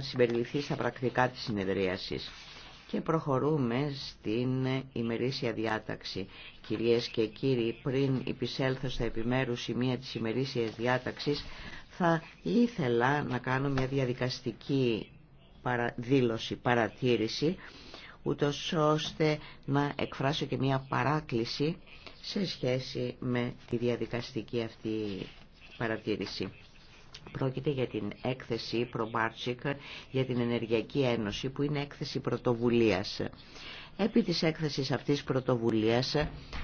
συμπεριληφθεί στα πρακτικά της συνεδρίασης. Και προχωρούμε στην ημερήσια διάταξη. Κυρίες και κύριοι, πριν υπησέλθω στα επιμέρους σημεία της ημερήσιας διάταξης, θα ήθελα να κάνω μια διαδικαστική δήλωση, παρατήρηση, ούτως ώστε να εκφράσω και μια παράκληση σε σχέση με τη διαδικαστική αυτή παρατήρηση. Πρόκειται για την έκθεση Προμπάρτσικ για την Ενεργειακή Ένωση που είναι έκθεση πρωτοβουλίας. Επί της έκθεσης αυτής πρωτοβουλίας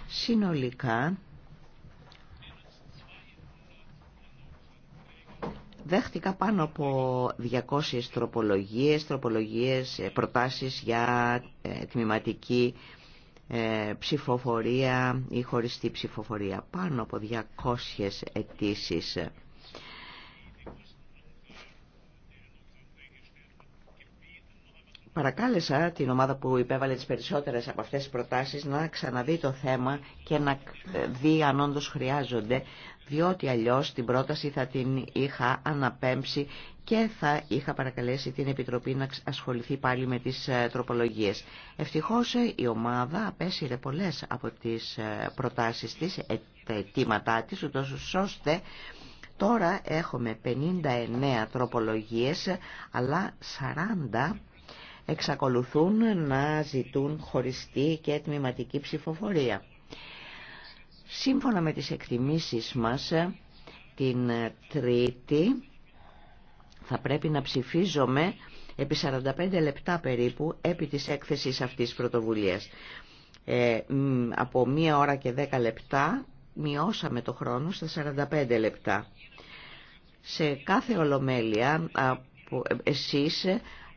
συνολικά δέχτηκα πάνω από 200 τροπολογίες, τροπολογίες, ε, προτάσεις για ε, τμηματική ε, ψηφοφορία ή χωριστή ψηφοφορία. Πάνω από 200 αιτήσει. Παρακάλεσα την ομάδα που υπέβαλε τις περισσότερες από αυτές τις προτάσεις να ξαναδεί το θέμα και να δει αν όντως χρειάζονται, διότι αλλιώς την πρόταση θα την είχα αναπέμψει και θα είχα παρακαλέσει την Επιτροπή να ασχοληθεί πάλι με τις ε, τροπολογίες. Ευτυχώς ε, η ομάδα απέσυρε πολλές από τις ε, προτάσεις της, τα αιτήματά της, ούτως ώστε τώρα έχουμε 59 τροπολογίες, αλλά 40 εξακολουθούν να ζητούν χωριστή και τμηματική ψηφοφορία. Σύμφωνα με τις εκτιμήσεις μας, την Τρίτη θα πρέπει να ψηφίζομαι επί 45 λεπτά περίπου επί της έκθεσης αυτής της πρωτοβουλίας. Ε, από μία ώρα και δέκα λεπτά μειώσαμε το χρόνο στα 45 λεπτά. Σε κάθε ολομέλεια ε, εσείς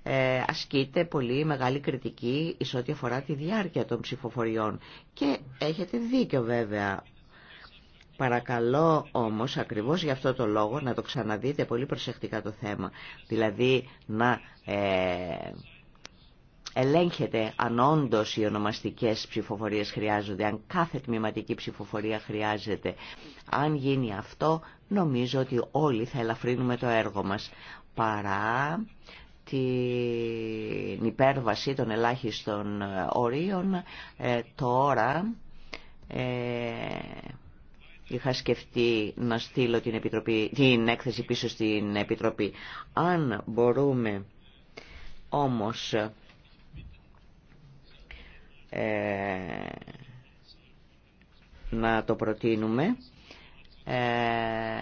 ε, ασκείται πολύ μεγάλη κριτική εις ό,τι αφορά τη διάρκεια των ψηφοφοριών. Και έχετε δίκιο βέβαια. Παρακαλώ όμως ακριβώς για αυτό το λόγο να το ξαναδείτε πολύ προσεκτικά το θέμα. Δηλαδή να ε, ελέγχετε αν όντω οι ονομαστικές ψηφοφορίες χρειάζονται, αν κάθε τμηματική ψηφοφορία χρειάζεται. Αν γίνει αυτό νομίζω ότι όλοι θα ελαφρύνουμε το έργο μας παρά την υπέρβαση των ελάχιστων ε, ορίων. Ε, τώρα ε, είχα σκεφτεί να στείλω την, επιτροπή, την έκθεση πίσω στην Επιτροπή. Αν μπορούμε όμως να το προτείνουμε, ε,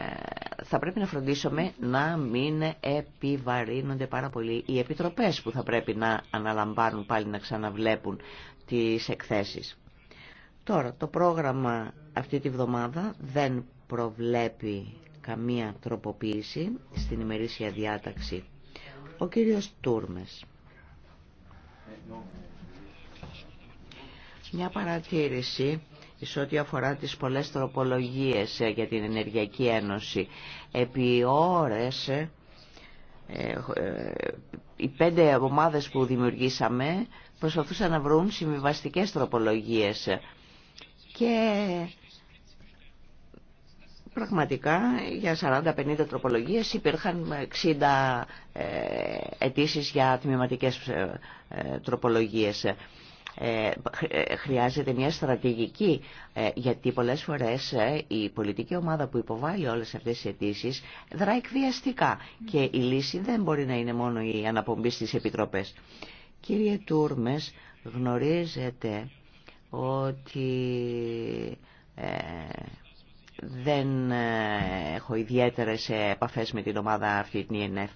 θα πρέπει να φροντίσουμε να μην επιβαρύνονται πάρα πολύ οι επιτροπές που θα πρέπει να αναλαμβάνουν πάλι να ξαναβλέπουν τις εκθέσεις. Τώρα, το πρόγραμμα αυτή τη βδομάδα δεν προβλέπει καμία τροποποίηση στην ημερήσια διάταξη. Ο κύριος Τούρμες. Μια παρατήρηση σε ό,τι αφορά τις πολλές τροπολογίες ε, για την Ενεργειακή Ένωση. Επί ώρες, ε, ε, οι πέντε ομάδες που δημιουργήσαμε προσπαθούσαν να βρουν συμβιβαστικές τροπολογίες και πραγματικά για 40-50 τροπολογίες υπήρχαν 60 αιτήσει για τμηματικές τροπολογίες. Ε, ε, χρειάζεται μια στρατηγική ε, γιατί πολλές φορές η πολιτική ομάδα που υποβάλλει όλες αυτές τις αιτήσει δράει εκβιαστικά και η λύση δεν μπορεί να είναι μόνο η αναπομπή στις επιτροπές. Κύριε Τούρμες, γνωρίζετε ότι δεν έχω ιδιαίτερες επαφές με την ομάδα αυτή την ΕΝΕΦ.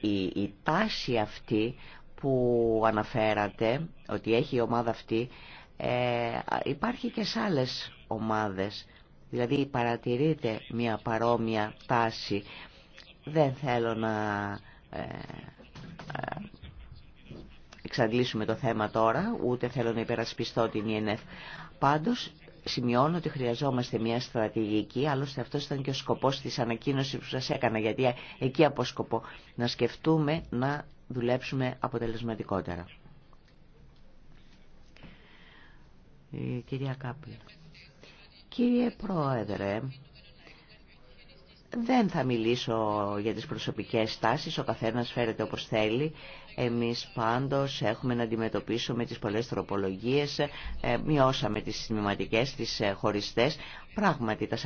Η, η τάση αυτή που αναφέρατε, ότι έχει η ομάδα αυτή, ε, υπάρχει και σε άλλες ομάδες. Δηλαδή παρατηρείται μια παρόμοια τάση. Δεν θέλω να ε, ε εξαντλήσουμε το θέμα τώρα, ούτε θέλω να υπερασπιστώ την ΙΕΝΕΦ. Πάντως Σημειώνω ότι χρειαζόμαστε μια στρατηγική, άλλωστε αυτό ήταν και ο σκοπό τη ανακοίνωση που σα έκανα, γιατί εκεί αποσκοπώ να σκεφτούμε να δουλέψουμε αποτελεσματικότερα. Ε, κυρία Κάπλη. Κύριε Πρόεδρε, δεν θα μιλήσω για τις προσωπικές στάσεις, ο καθένας φέρεται όπως θέλει. Εμείς πάντως έχουμε να αντιμετωπίσουμε τις πολλές τροπολογίες, ε, μειώσαμε τις σημειωματικές, τις ε, χωριστές. Πράγματι τα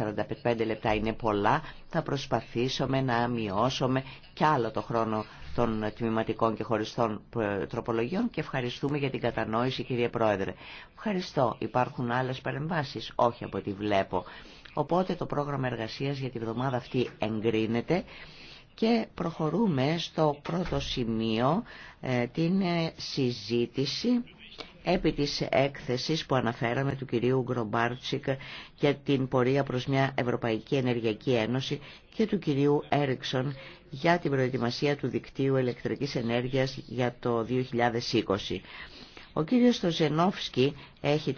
45 λεπτά είναι πολλά, θα προσπαθήσουμε να μειώσουμε κι άλλο το χρόνο των τμηματικών και χωριστών ε, τροπολογιών και ευχαριστούμε για την κατανόηση κύριε Πρόεδρε. Ευχαριστώ. Υπάρχουν άλλες παρεμβάσεις, όχι από ό,τι βλέπω. Οπότε το πρόγραμμα εργασίας για τη βδομάδα αυτή εγκρίνεται και προχωρούμε στο πρώτο σημείο ε, την ε, συζήτηση επί της έκθεσης που αναφέραμε του κυρίου Γκρομπάρτσικ για την πορεία προς μια Ευρωπαϊκή Ενεργειακή Ένωση και του κυρίου Έριξον για την προετοιμασία του δικτύου ηλεκτρικής ενέργειας για το 2020. Ο κύριος Στοζενόφσκι έχει